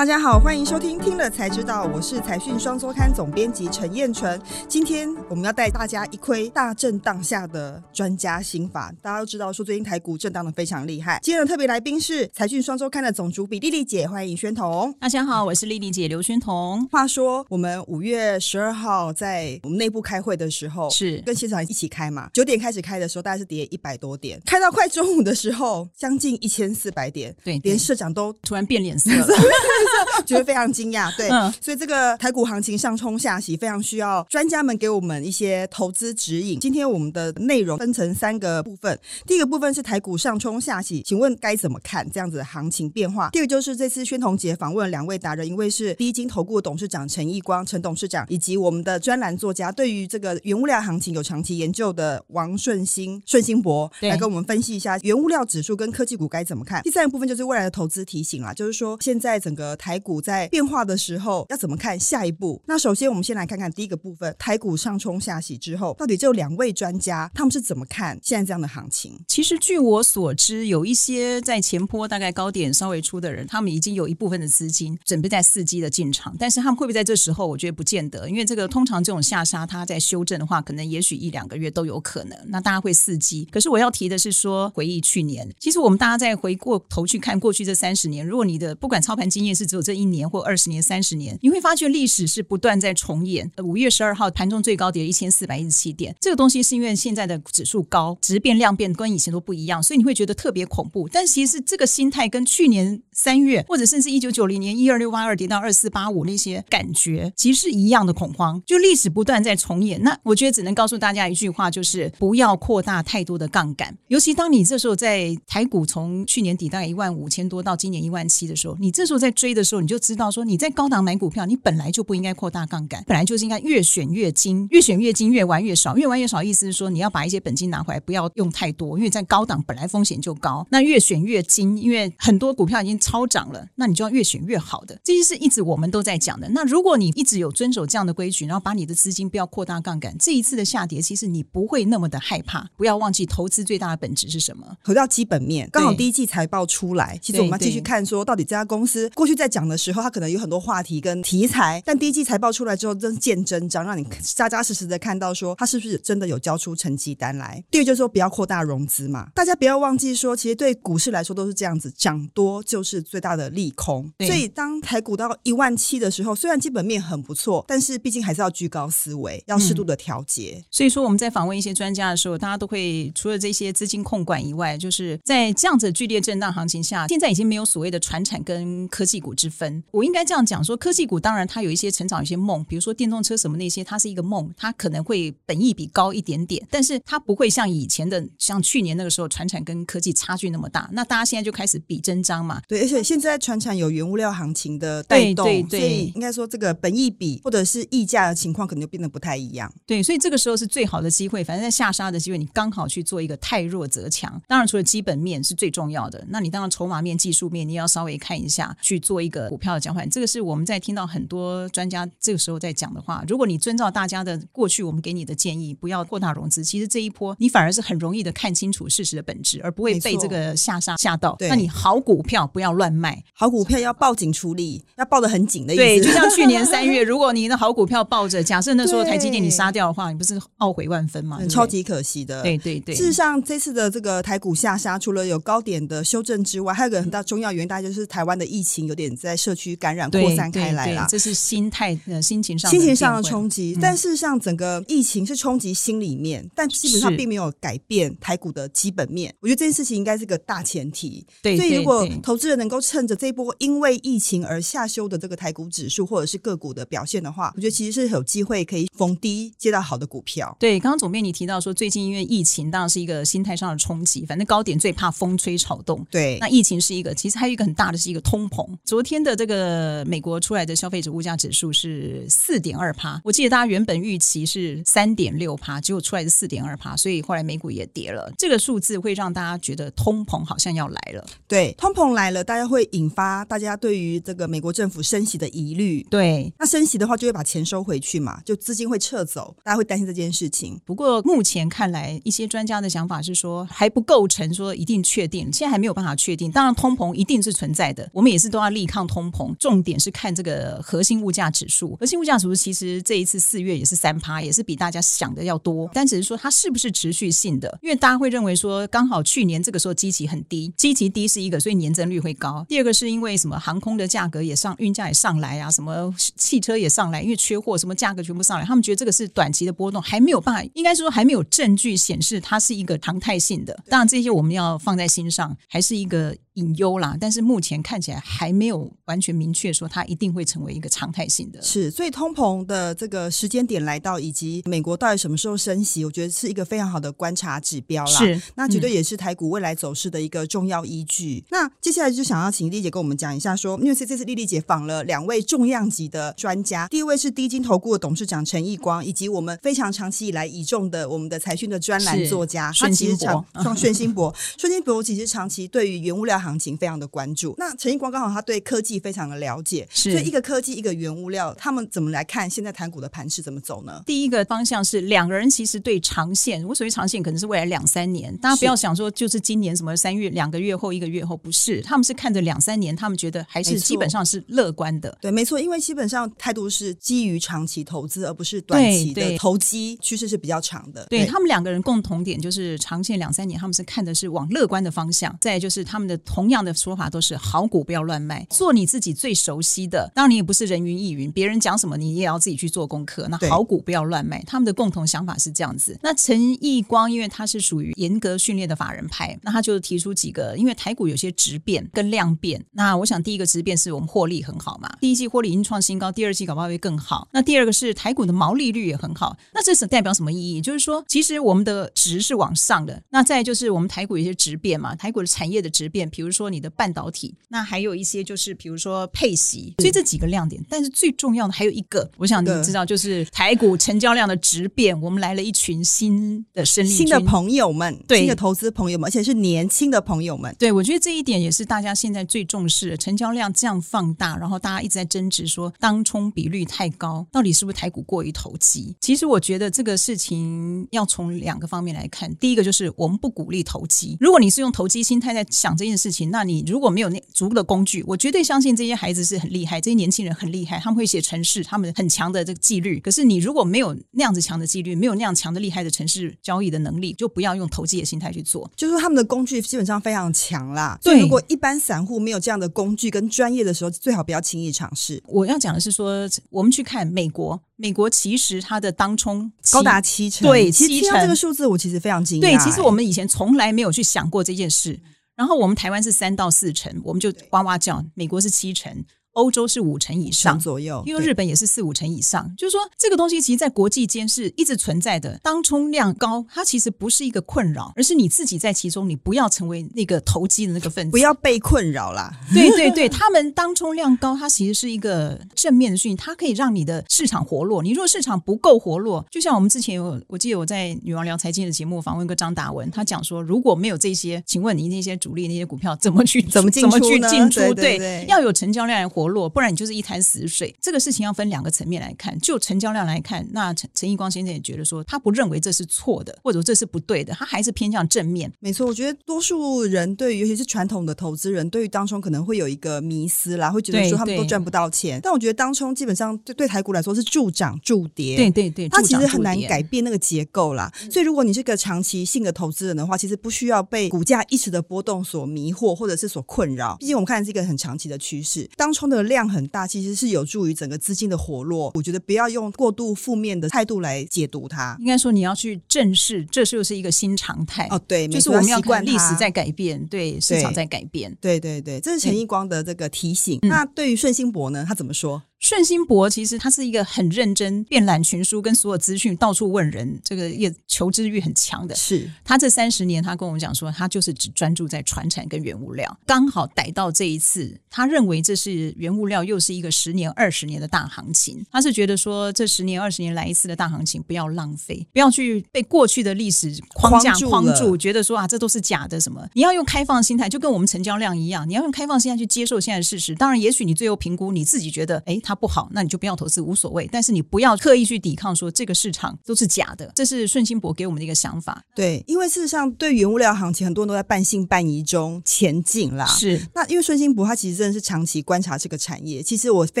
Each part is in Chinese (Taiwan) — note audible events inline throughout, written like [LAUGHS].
大家好，歡迎收聽《聽了才知道》，我是財訊雙週刊總編輯陳彥淳。今天我們要帶大家一窺大震盪下的專家心法。大家都知道，說最近台股震盪的非常厲害。今天的特別來賓是財訊雙週刊的總主筆莉莉姐，歡迎宣彤。大家好，我是莉莉姐劉宣彤。話說我們五月十二號在我們內部開會的時候，是跟現場一起開嘛？九點開始開的時候，大概是跌一百多點，開到快中午的時候，將近一千四百點，對，對，連社長都突然變臉色了。 [LAUGHS] [LAUGHS] 覺得非常驚訝，對，啊、所以這個台股行情上沖下洗，非常需要專家們給我們一些投資指引。今天我們的內容分成三個部分，第一個部分是台股上沖下洗，請問該怎麼看這樣子的行情變化？第二個就是這次宣同杰訪問兩位達人，因為是第一金投顧的董事長陳奕光陳董事長以及我們的專欄作家，對於這個原物料行情有長期研究的王順興順興博對來跟我們分析一下原物料指數跟科技股該怎麼看。第三個部分就是未來的投資提醒啦，就是說現在整個。台股在變化的時候要怎麼看下一步？那首先我們先來看看第一個部分，台股上沖下洗之後，到底這兩位專家他們是怎麼看現在這樣的行情？其實據我所知，有一些在前波大概高點稍微出的人，他們已經有一部分的資金準備在伺機的進場，但是他們會不會在這時候？我覺得不見得，因為這個通常這種下殺，它在修正的話，可能也許一兩個月都有可能，那大家會伺機。可是我要提的是說，回憶去年，其實我們大家再回過頭去看過去這三十年，如果你的不管操盤經驗。是只有這一年或二十年、三十年，你會發覺歷史是不斷在重演。五月十二號盤中最高跌一千四百一十七點，這個東西是因為現在的指數高、質變、量變跟以前都不一樣，所以你會覺得特別恐怖。但其實這個心態跟去年三月或者甚至一九九零年一二六八二跌到二四八五那些感覺其實是一樣的恐慌，就歷史不斷在重演。那我覺得只能告訴大家一句話，就是不要擴大太多的槓桿，尤其當你這時候在台股從去年底大概一萬五千多到今年一萬七的時候，你這時候在追。的時候你就知道說，你在高檔買股票，你本來就不應該擴大槓桿，本來就是應該越選越精，越選越精，越玩越少，越玩越少。意思是說你要把一些本金拿回來，不要用太多，因為在高檔本來風險就高。那越選越精，因為很多股票已經超漲了，那你就要越選越好的。這些是一直我們都在講的。那如果你一直有遵守這樣的規矩，然後把你的資金不要擴大槓桿，這一次的下跌其實你不會那麼的害怕。不要忘記投資最大的本質是什麼？回到基本面。剛好第一季財報出來，對其實我們要繼續看說到底這家公司過去。在講的時候，他可能有很多話題跟題材，但第一季財報出來之後，真見真章，讓你扎扎實實的看到說他是不是真的有交出成績單來。第二就是說，不要擴大融資嘛，大家不要忘記說，其實對股市來說都是這樣子，漲多就是最大的利空。對。所以當台股到一萬七的時候，雖然基本面很不錯，但是畢竟還是要居高思維，要適度的調節。嗯。所以說我們在訪問一些專家的時候，大家都會除了這些資金控管以外，就是在這樣子劇烈震盪行情下，現在已經沒有所謂的傳產跟科技股之分，我應該這樣講：說科技股當然它有一些成長、一些夢，比如說電動車什麼那些，它是一個夢，它可能會本益比高一點點，但是它不會像以前的，像去年那個時候，傳產跟科技差距那麼大。那大家現在就開始比真章嘛？對，而且現在傳產有原物料行情的帶動，對對對所以應該說這個本益比或者是溢價的情況可能就變得不太一樣。對，所以這個時候是最好的機會，反正在下殺的機會，你剛好去做一個太弱則強。當然，除了基本面是最重要的，那你當然籌碼面、技術面，你也要稍微看一下去做。一個股票的交換，這個是我們在聽到很多專家這個時候在講的話。如果你遵照大家的過去，我們給你的建議，不要擴大融資，其實這一波你反而是很容易的看清楚事實的本質，而不會被這個下殺嚇到。沒錯，那你好股票不要亂賣，對。好股票要抱緊處理，要抱的很緊的意思。對，就像去年三月， [LAUGHS] 如果你的好股票抱着，假設那時候台積電你殺掉的話，你不是懊悔萬分嗎？嗯、超級可惜的。對對對。對對，事實上，這次的這個台股下殺，除了有高點的修正之外，還有個很大重要原因，大概就是台灣的疫情有點。在社區感染擴散開來啦，對對對，這是心態、心情上、心情上的衝擊。但事實上，整個疫情是衝擊心裡面，嗯、但基本上並沒有改變台股的基本面。是我覺得這件事情應該是個大前提。對，對，對，所以，如果投資人能夠趁着這一波因為疫情而下修的這個台股指數或者是個股的表現的話，我覺得其實是有機會可以逢低接到好的股票。對，剛剛總編你提到說，最近因為疫情當然是一個心態上的衝擊，反正高點最怕風吹草動。對，那疫情是一個，其實還有一個很大的是一個通膨。昨天的這個美國出來的消費者物價指數是四點二趴，我記得大家原本預期是三點六趴，結果出來是四點二趴，所以後來美股也跌了。這個數字會讓大家覺得通膨好像要來了。對，通膨來了，大家會引發大家對於這個美國政府升息的疑慮。對，那升息的話，就會把錢收回去嘛，就資金會撤走，大家會擔心這件事情。不過目前看來，一些專家的想法是說，還不構成說一定確定，現在還沒有辦法確定。當然，通膨一定是存在的，我們也是都要立。抗通膨，重點是看這個核心物價指數。核心物價指數其實這一次四月也是三趴，也是比大家想的要多。但只是說它是不是持續性的？因為大家會認為說，剛好去年這個時候基期很低，基期低是一個，所以年增率會高。第二個是因為什麼？航空的價格也上，運價也上來啊，什麼汽車也上來，因為缺貨，什麼價格全部上來。他們覺得這個是短期的波動，還沒有辦法，應該是說還沒有證據顯示它是一個常態性的。當然，這些我們要放在心上，還是一個。很優啦，但是目前看起來還沒有完全明確說它一定會成為一個常態性的。是，所以通膨的這個時間點來到，以及美國到底什麼時候升息，我覺得是一個非常好的觀察指標啦。是，那絕對也是台股未來走勢的一個重要依據。嗯、那接下來就想要請麗姐跟我們講一下，說因為這次麗麗姐訪了兩位重量級的專家，第一位是低金投顧的董事長陳奕光，以及我們非常長期以來倚重的我們的財訊的專欄作家，孫心博。他其實長創博，孫心博其實長期對於原物料行。行情非常的關注。那陳毅光剛好他對科技非常的了解，是。所以一個科技，一個原物料，他們怎麼來看現在台股的盤勢怎麼走呢？第一個方向是兩個人其實對長線，我所謂長線可能是未來兩三年，大家不要想說就是今年什麼三月兩個月後一個月後，不是。他們是看着兩三年，他們覺得還是基本上是樂觀的。對，沒錯，因為基本上態度是基於長期投資，而不是短期的投機，趨勢是比較長的。對、對、對、對，他們兩個人共同點就是長線兩三年，他們是看的是往樂觀的方向。再就是他們的。同樣的說法都是好股不要亂賣，做你自己最熟悉的。當然你也不是人云亦云，別人講什麼你也要自己去做功課。那好股不要亂賣，他們的共同想法是這樣子。那陳義光因為他是屬於嚴格訓練的法人派，那他就提出幾個，因為台股有些質變跟量變。那我想第一個質變是我們獲利很好嘛，第一季獲利已經創新高，第二季搞不好會更好。那第二個是台股的毛利率也很好，那這是代表什麼意義？就是說其實我們的值是往上的。那再就是我們台股有些質變嘛，台股的產業的質變。比如說你的半導體，那還有一些就是比如說配息，嗯、所以這幾個亮點。但是最重要的還有一個，我想你知道，對就是台股成交量的質變。我們來了一群新的生力軍，新的朋友們，對新的投資朋友們，而且是年輕的朋友們。對，我覺得這一點也是大家現在最重視的，成交量這樣放大，然後大家一直在爭執說，當沖比率太高，到底是不是台股過於投機？其實我覺得這個事情要從兩個方面來看。第一個就是我們不鼓勵投機，如果你是用投機心態在想這件事情。那你如果沒有那足夠的工具，我絕對相信這些孩子是很厲害，這些年輕人很厲害，他們會寫程式，他們很強的這個紀律。可是你如果沒有那樣子強的紀律，沒有那樣強的厲害的程式交易的能力，就不要用投機的心態去做。就是說他們的工具基本上非常強啦。對，如果一般散戶沒有這樣的工具跟專業的時候，最好不要輕易嘗試。我要講的是說，我們去看美國，美國其實它的當沖高達七成。對，其實聽到這個數字七成，我其實非常驚訝。對，其實我們以前從來沒有去想過這件事。然後我們台灣是三到四成，我們就哇哇叫。對美國是七成。歐洲是五成以上左右，因為日本也是四五成以上。就是說，這個東西其實，在國際間是一直存在的。當沖量高，它其實不是一個困擾，而是你自己在其中，你不要成為那個投機的那個分子，不要被困擾了。對對對，他們當沖量高，它其實是一個正面的訊息，它可以讓你的市場活絡。你如果市場不夠活絡，就像我們之前我我記得我在女王聊財經的節目訪問過張達文，他講說，如果沒有這些，請問你那些主力那些股票怎麼去怎麼進怎麼去進出？對，對對要有成交量來活絡。落，不然你就是一潭死水。這個事情要分兩個層面來看，就成交量來看，那陳陳奕光先生也覺得說，他不認為這是錯的，或者這是不對的，他還是偏向正面。沒錯，我覺得多數人對於，尤其是傳統的投資人，對於當沖可能會有一個迷思啦，會覺得說他們都賺不到錢。但我覺得當沖基本上就對，對台股來說是助漲助跌，對對對，助助它其實很難改變那個結構啦。所以如果你是個長期性的投資人的話，其實不需要被股價一時的波動所迷惑或者是所困擾，畢竟我們看是一個很長期的趨勢，當沖的量很大，其實是有助於整個資金的活絡。我覺得不要用過度負面的態度來解讀它。應該說你要去正視，這就是一個新常態。哦，對，就是我們要習慣歷史在改變，沒錯，對市場在改變，對對對，這是陳奕光的這個提醒。對，那對於順心博呢，他怎麼說？順心博其實他是一個很認真、遍覽群書、跟所有資訊到處問人，這個也求知欲很強的。是，他這三十年，他跟我們講說，他就是只專注在傳產跟原物料。剛好逮到這一次，他認為這是原物料又是一個十年、二十年的大行情。他是覺得說，這十年、二十年來一次的大行情，不要浪費，不要去被過去的歷史框架框住，框覺得說啊，這都是假的什麼？你要用開放心態，就跟我們成交量一樣，你要用開放心態去接受現在的事實。當然，也許你最後評估你自己覺得，誒，他。不好，那你就不要投資，無所謂。但是你不要刻意去抵抗，說這個市場都是假的。這是順心博給我們的一個想法。對，因為事實上，對原物料行情，很多人都在半信半疑中前進啦。是，那因為順心博他其實真的是長期觀察這個產業。其實我非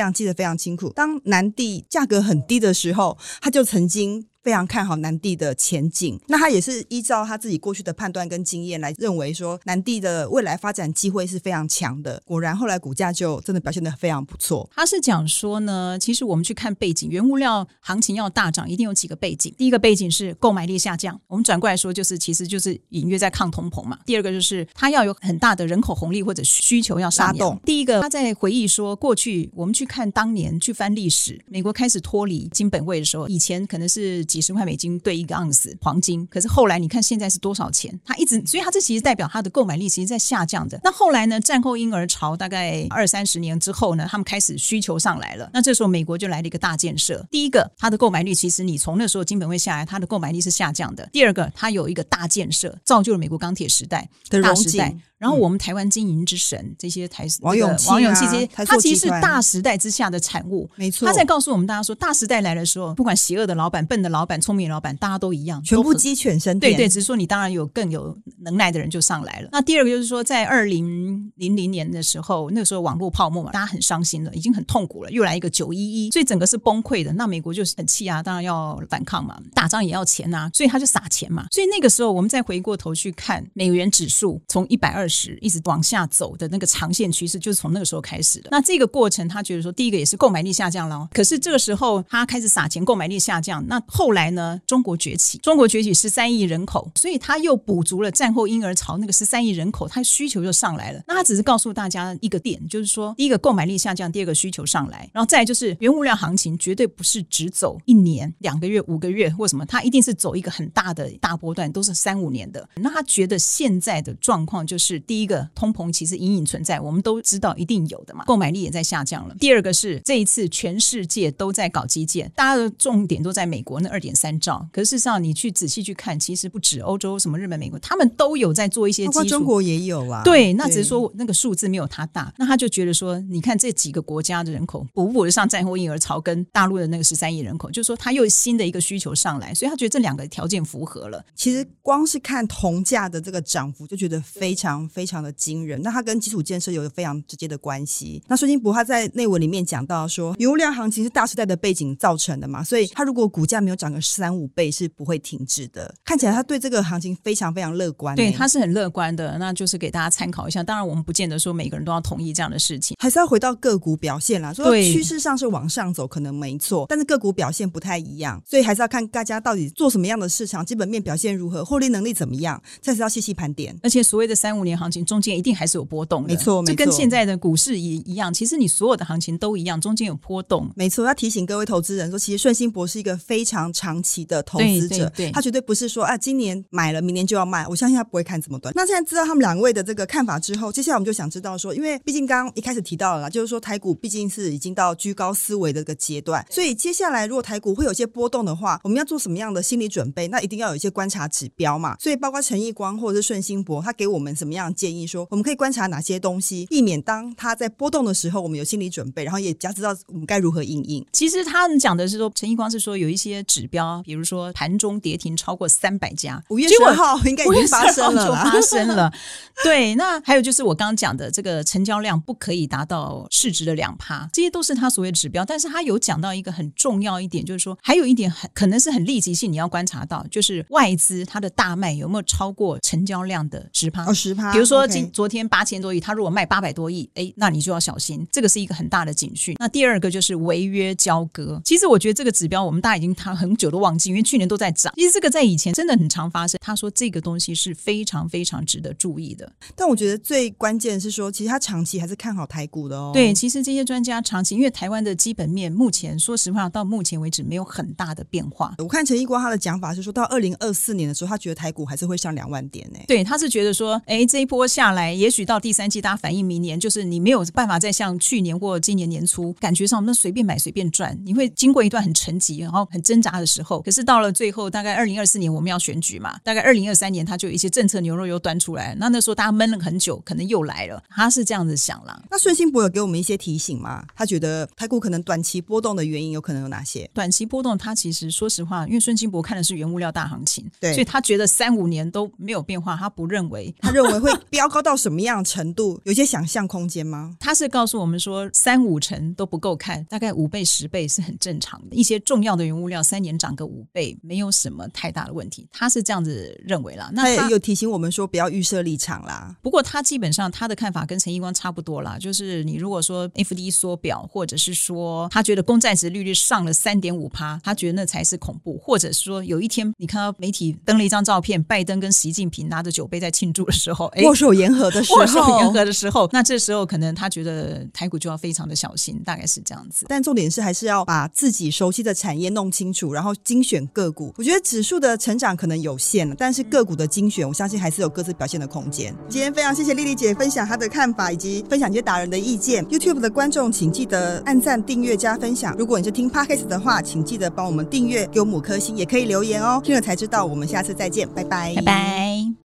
常記得非常清楚，當南地價格很低的時候，他就曾經。非常看好南地的前景，那他也是依照他自己過去的判斷跟經驗來認為說，南地的未來發展機會是非常強的。果然，後來股價就真的表現得非常不錯。他是講說呢，其實我們去看背景，原物料行情要大漲，一定有幾個背景。第一個背景是購買力下降，我們轉過來說，就是其實就是隱約在抗通膨嘛。第二個就是它要有很大的人口紅利或者需求要拉動。第一個，他在回憶說過去，我們去看當年去翻歷史，美國開始脫離金本位的時候，以前可能是。幾十塊美金兌一個盎司黃金，可是後來你看現在是多少錢？它一直，所以它這其實代表它的購買力其實是在下降的。那後來呢？戰後嬰兒潮大概二三十年之後呢，他們開始需求上來了。那這時候美國就來了一個大建設。第一個，它的購買力其實你從那時候金本位下來，它的購買力是下降的。第二個，它有一個大建設，造就了美國鋼鐵時代的大時代。然後我們台灣經營之神、嗯、這些台王永王永慶這些、個，他其實是大時代之下的產物，沒錯。他在告訴我們大家說，大時代來的時候，不管邪惡的老板、笨的老板、聰明的老板，大家都一樣，全部雞犬升天。對對，只是說你當然有更有能耐的人就上來了。那第二個就是說，在二零零零年的時候，那個時候網絡泡沫嘛，大家很傷心了，已經很痛苦了，又來一個九一一，所以整個是崩潰的。那美國就是很氣啊，當然要反抗嘛，打仗也要錢吶、啊，所以他就撒錢嘛。所以那個時候，我們再回過頭去看美元指數從一百二時一直往下走的那個長線趨勢，就是從那個時候開始的。那這個過程，他覺得說，第一個也是購買力下降了。可是這個時候，他開始撒錢，購買力下降。那後來呢？中國崛起，中國崛起十三億人口，所以他又補足了戰後嬰兒潮那個十三億人口，他需求就上來了。那他只是告訴大家一個點，就是說，第一個購買力下降，第二個需求上來，然後再就是原物料行情絕對不是只走一年、兩個月、五個月或什麼，他一定是走一個很大的大波段，都是三五年的。那他覺得現在的狀況就是。第一個通膨其實隱隱存在，我們都知道一定有的嘛，購買力也在下降了。第二個是這一次全世界都在搞基建，大家的重點都在美國那二點三兆，可是事實上你去仔細去看，其實不止歐洲、什麼日本、美國，他們都有在做一些基建。包括中國也有啊。對，那只是說那個數字沒有它大，對那他就覺得說，你看這幾個國家的人口補不補得上戰後嬰兒潮跟大陸的那個十三億人口，就是、說他又有新的一個需求上來，所以他覺得這兩個條件符合了。其實光是看銅價的這個漲幅，就覺得非常。非常的驚人，那它跟基礎建設有著非常直接的關係。那孫金博他在內文裡面講到說，流量行情是大時代的背景造成的嘛，所以它如果股價沒有漲個三五倍是不會停止的。看起來他對這個行情非常非常樂觀、欸，對，他是很樂觀的。那就是給大家參考一下，當然我們不見得說每個人都要同意這樣的事情，還是要回到個股表現啦。所以趨勢上是往上走，可能沒錯，對但是個股表現不太一樣，所以還是要看大家到底做什麼樣的市場，基本面表現如何，獲利能力怎麼樣，才是要細細盤點。而且所謂的三五年。行情中間一定還是有波動的，沒錯，就跟現在的股市一一樣。其實你所有的行情都一樣，中間有波動。沒錯，要提醒各位投資人說，其實順心博是一個非常長期的投資者對，對，對他絕對不是說啊，今年買了，明年就要賣。我相信他不會看這麼短。那現在知道他們兩位的這個看法之後，接下來我們就想知道說，因為畢竟剛剛一開始提到了啦，就是說台股畢竟是已經到居高思維的一個階段，對所以接下來如果台股會有些波動的話，我們要做什麼樣的心理準備？那一定要有一些觀察指標嘛。所以包括陳奕光或者是順心博，他給我們什麼樣？建議說，我們可以觀察哪些東西，避免當它在波動的時候，我們有心理準備，然後也加知道我們該如何因應。其實他講的是說，陳奕光是說有一些指標，比如說盤中跌停超過三百家，五月幾果號應該已經發生了，發生了。對，那還有就是我剛剛講的這個成交量不可以達到市值的兩趴，這些都是他所謂指標。但是他有講到一個很重要一點，就是說還有一點很可能是很立即性，你要觀察到，就是外資它的大賣有沒有超過成交量的十趴哦，十趴。比如說今昨天八千多億，他如果賣八百多億，哎，那你就要小心，這個是一個很大的警訊。那第二個就是違約交割，其實我覺得這個指標我們大家已經談很久都忘記，因為去年都在漲。其實這個在以前真的很常發生。他說這個東西是非常非常值得注意的。但我覺得最關鍵的是說，其實他長期還是看好台股的哦。對，其實這些專家長期因為台灣的基本面，目前說實話到目前為止沒有很大的變化。我看陳一光他的講法是說到二零二四年的時候，他覺得台股還是會上兩萬點呢。對，他是覺得說哎這。一波下來，也許到第三季，大家反映明年就是你沒有辦法再像去年或今年年初感覺上我們隨便買隨便賺，你會經過一段很沉寂、然後很掙扎的時候。可是到了最後，大概二零二四年我們要選舉嘛，大概二零二三年他就有一些政策牛肉又端出來，那那時候大家悶了很久，可能又來了。他是這樣子想啦。那孫興博有給我們一些提醒嗎？他覺得台股可能短期波動的原因有可能有哪些？短期波動，他其實說實話，因為孫興博看的是原物料大行情，對，所以他覺得三五年都沒有變化，他不認為，他認為會。 [LAUGHS] 飆高到什麼樣程度？有些想象空間嗎？他是告訴我們說，三五成都不夠看，大概五倍十倍是很正常的。一些重要的原物料三年漲個五倍，沒有什麼太大的問題。他是這樣子認為啦。那他他也有提醒我們說，不要預設立場啦。不過他基本上他的看法跟陳一光差不多啦，就是你如果說 FD 縮表，或者是說他覺得公債殖利率,率上了三點五趴，他覺得那才是恐怖。或者是說有一天你看到媒體登了一張照片，拜登跟習近平拿着酒杯在慶祝的時候。誒握手言和的時候，握手言和的時候，那這時候可能他覺得台股就要非常的小心，大概是這樣子。但重點是，還是要把自己熟悉的產業弄清楚，然後精選個股。我覺得指數的成長可能有限了，但是個股的精選，我相信還是有各自表現的空間。嗯、今天非常謝謝麗麗姐分享她的看法，以及分享一些達人的意見。YouTube 的觀眾，請記得按讚、訂閱、加分享。如果你是聽 Podcast 的話，請記得幫我們訂閱，給我們五顆星，也可以留言哦。聽了才知道，我們下次再見，拜拜，拜拜。